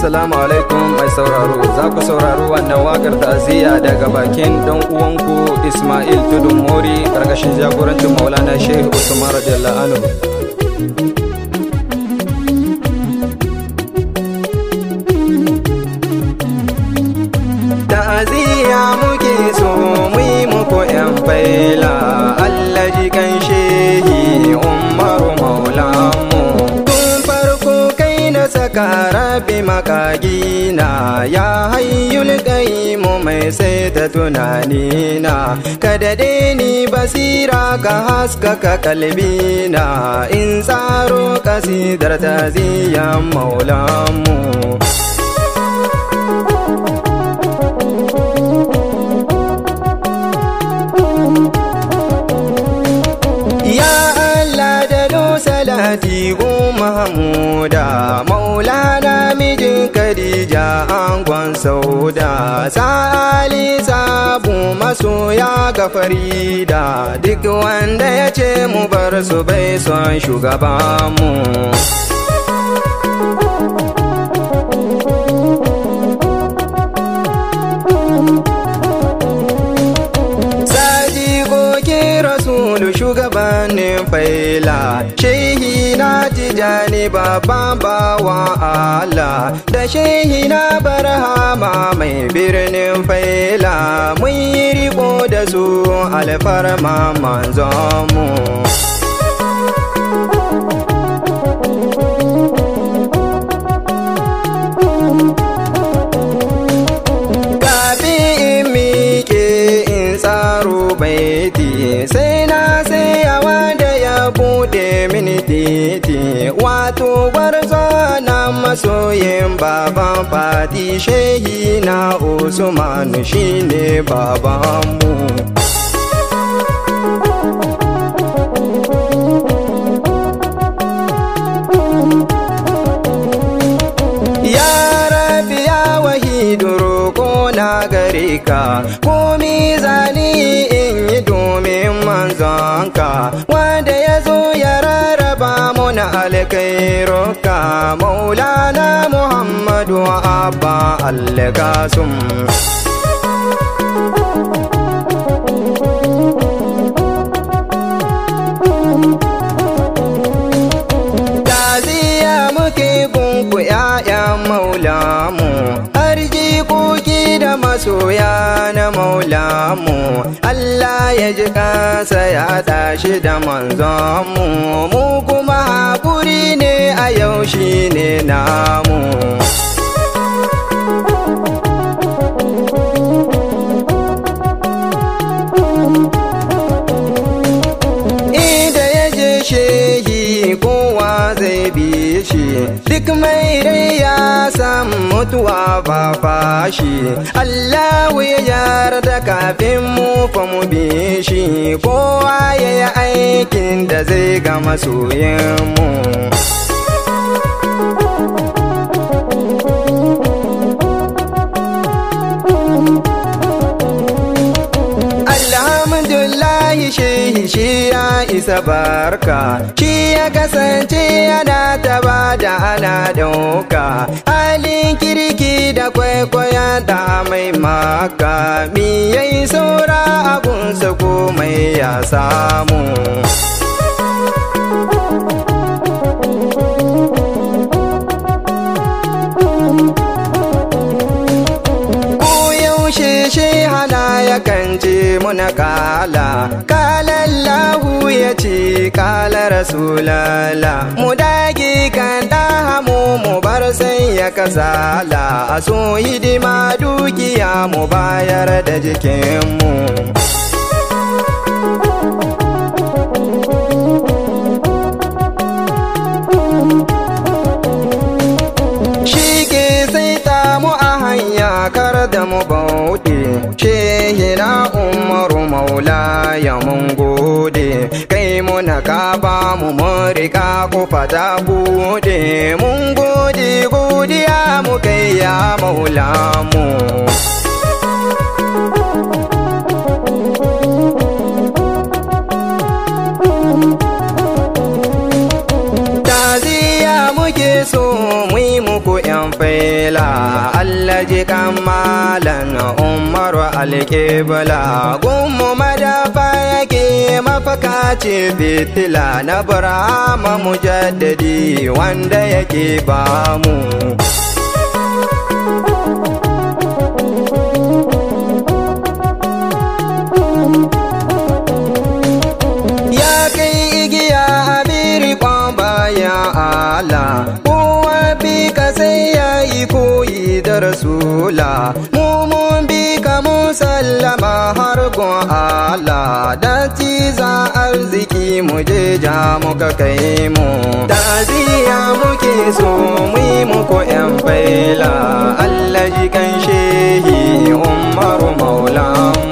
Assalamu alaikum mai sauraro za ku sauraro wannan wakar ta'aziyya daga bakin dan uwanku Ismail Tudun Mori karkashin jagorancin Maulana Sheikh Usman radiyallahu anhu. Ta'aziyya muke so mu yi muku 'yan faila. bi makagina ya hayyul mu mai sai saita tunanina ka kada ni basira ka haska ka kalbi na, in tsaro kasidar ta ziyan maulanmu Ya Allah da salati goma da mijin Khadija angon sauda sa'ali sabu masoya ga farida duk wanda ya ce mu bar su bai son shugaba mu. ne faila tijani babban bawan Allah da shehi na barhama mai birnin faila mun yi riko da su alfarma manzonmu. Kafin in miƙe in tsaro baiti sai titi wato gwarzo na masoyin baban fati shehi na usman shine babanmu Ya rabi ya wahidu ko na gare ka ko Allah maulana Muhammadu wa abba Allah ka sun. Taziya muke kunku ‘ya’yan maulamu, Har koki da masoya na maulamu. Allah ya ji kansa ya tashi da manzon mu, mutuwa ba fashi Allahu ya yarda kafin mu fa mu bi shi kowa ya aikin da zai gama masoyin mu ya isa barka shi ya kasance yana taba da ana dauka halin kirki da kwaikwaya da mai maka mi yayi saura abunsa mai ya samu muna kala kalallahu ya ce kala rasulala mu dage kan dahamu mu bar sai ya kasala a so hidima dukiya mu bayar da jikinmu mu a hanya kar da mu bauɗe ce maula ya mun gode kai muna ka ba mu mun riga ku fata bude mun gode godiya mu kai ya maula mu so mu muku yan fela Allah ji kamalan umma alƙibla gunmu madafa yake mafaka ce fitila na burama mujaddadi wanda yake ba mu Allah kowa bi ka sai yi koyi da rasula sallama har gun Allah da ci za arziki mu je ja muka kai mu da muke so mu yi muku yan faila Allah ji kan shehi umar maulan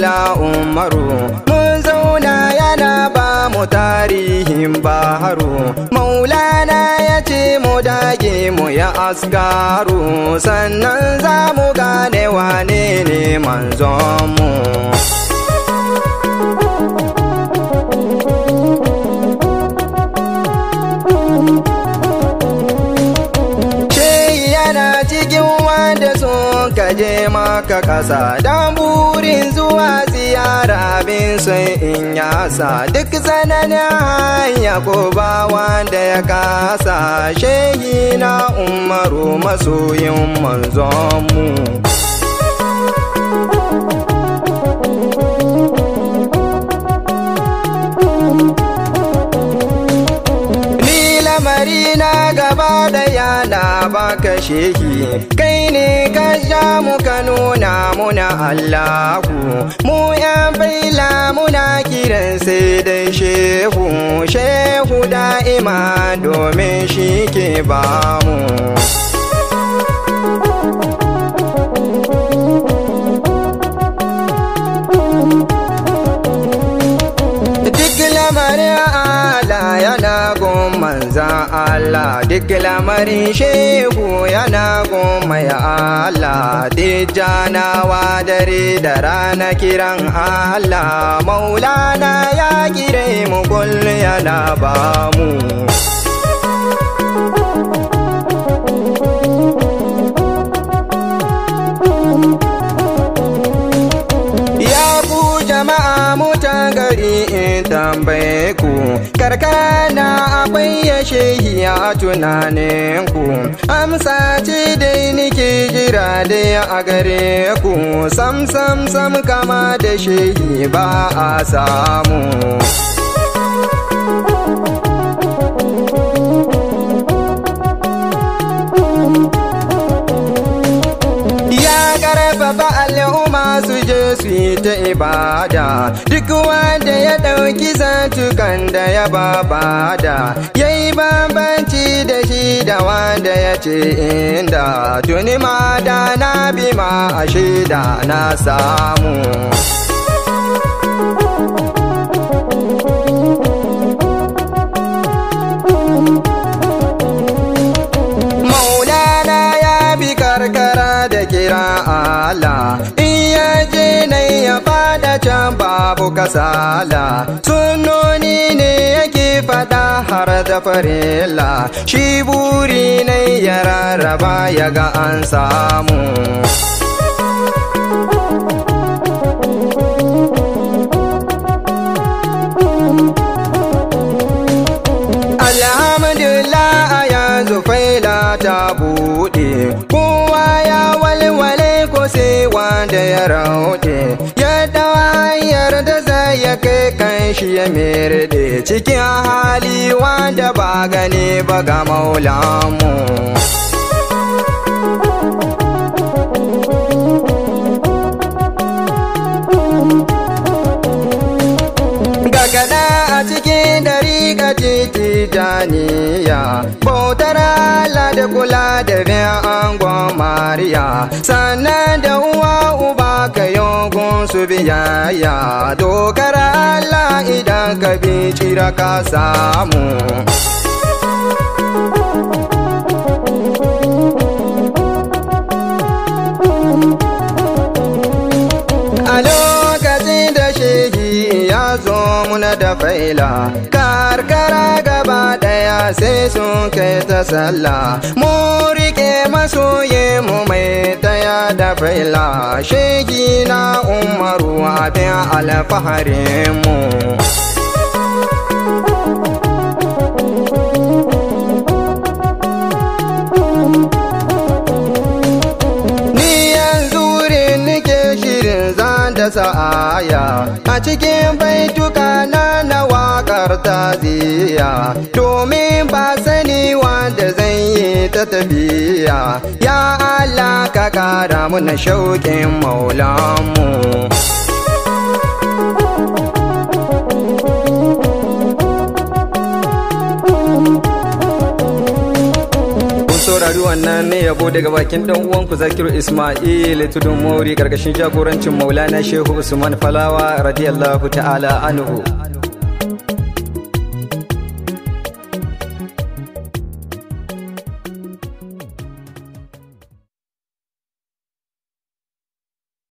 maula umaru mun zauna yana ba mu tarihin baharu maulana ya ce mu dage mu ya askaru sannan za mu gane wane ne manzon ka je maka kasa dan wurin zuwa ziyara bin sun in yasa duk tsananin hanya ko ba wanda ya kasa shehi na umaru masoyin manzon mu ka shehi kai ne ka ja mu ka nuna muna Allahu mu ya baila muna kiran sai dai shehu shehu da'ima domin shi ke ba mu. Allah duk lamarin shehu yana goma ya Allah tijjanawa dare da rana kiran Allah maulana ya gire mu kullum yana ba mu tambaye ku karkara na akwai ya shehi a tunanin ku amsa ce dai nike jira dai a gare ku sam sam sam kama da shehi ba a samu. ya ta ibada duk wanda ya ɗauki zantukan da ya babada ya yi bambanci da shi da wanda ya ce inda tuni ma da na bi ma a na samu babu kasala sunoni ne yake fada har da farilla shi buri ne ya rarraba ya ga an samu shi ya mirɗe cikin hali wanda ba gane ba ga maulamu Gagada a cikin dari ga titaniya bautar Allah da kula da biyan angon Mariya sannan da uwa uba masu biyayya dogara Allah idan ka bi cira ka samu a lokacin da shehi ya zo muna da faila ya se sun kai ta sallah mu rike masoye mu mai taya da faila shegi na umaru abin alfaharin mu sa aya a cikin baituka na na waƙar taziya domin ba sani wanda zan yi ta tafiya ya Allah ka kara na shauƙin maulanmu. saurari nan ne yabo daga bakin dan uwanku Zakiru Ismail Tudun Mori karkashin jagorancin Maulana Shehu Usman Falawa radiyallahu ta'ala anhu.